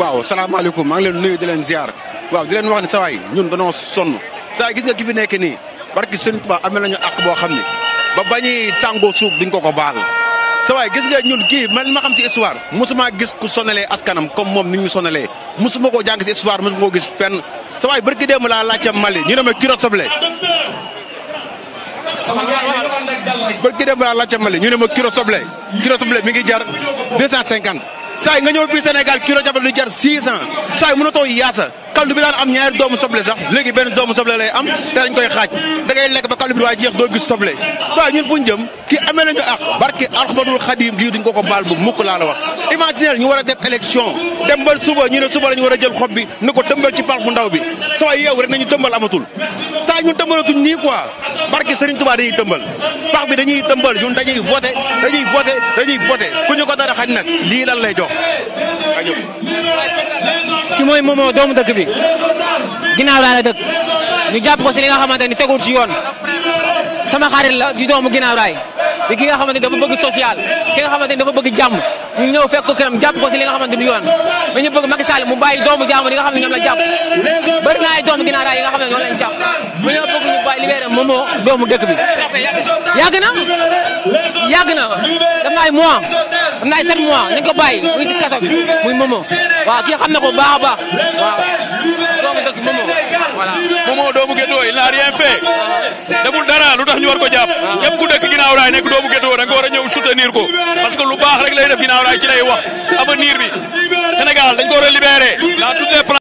waaw salaamaaleykum maa ngi leen nuyu di leen ziar waaw di leen wax ne sawaay ñun danoo sonn saa gis nga ki fi nekk nii barki sëriñ Tuubaa amel nañu àq boo xam ne ba bañi sàngoo suuf duñ ko ko baal sawaay gis nga ñun kii man ma xam ci histoire musuma gis ku sonalee askanam comme moom ni ñu sonalee musuma koo jàng ci histoire musuma koo gis fenn sawaay barki démb laa laajte Mali ñu ne ma kiro soble barki démb laa laajte Mali ñu ne ma kiro soble kiro soble mi ngi jar deux saa nga ñëw fii Sénégal kilo jafe lu jar 600 saa yi mënatoo yaasa kaldu bi daan am ñaari doomu soble sax léegi benn doomu soble lay am te dañ koy xaaj da ngay lekk ba kaldu bi waaye jeex doo gis soble saa ñun fu ñu jëm kii amee nañu ak barke alxuraanul xadim lii duñ ko ko baal bu mukk laa la wax imaginel ñu war a def élection dem ba suba ñu ne suba la ñu a jël xob bi ni ko dëmbal ci parc bu ndaw bi saa yow rek nañu dëmbal amatul pourtant ñun tëmbalatuñ nii quoi barke Serigne Touba dañuy tëmbal pax bi dañuy tëmbal ñun dañuy voté dañuy voté dañuy voté ku ñu ko dara xañ nag lii lan lay jox a ñëpp ci mooy moomoo doomu dëkk bi ginnaaw raay la dëkk ñu jàpp ko si li nga xamante ni teguwul ci yoon sama xarit la ci doomu ginnaaw raay di ki nga xamante ni dafa bëgg social ki nga xamante ni dafa bëgg jàmm ñu ñëw fekk ko këram jàpp ko si li nga xamante ni du yoon mais ñu bëgg Macky Sall mu bàyyi doomu jàmm yi nga xam ñoom la jàpp bëri na ay doomu ginaara yi nga xam ne ñoo leen jàpp mu ñëw bëgg ñu bàyyi libéré moom doomu dëkk bi yàgg na yàgg na def na ay mois def na ay sept mois nañ ko bàyyi muy si kaso bi muy Momo waaw kii xam na ko baax a baax waaw doomu dëkk Momo voilà Momo doomu gëddoo il n'a rien fait deful dara lu tax ñu war ko jàpp ku dëkk ginnaaw raay nekk doomu Gétto da nga war a ñëw soutenir ko parce lu baax rek lay def raay ci lay wax avenir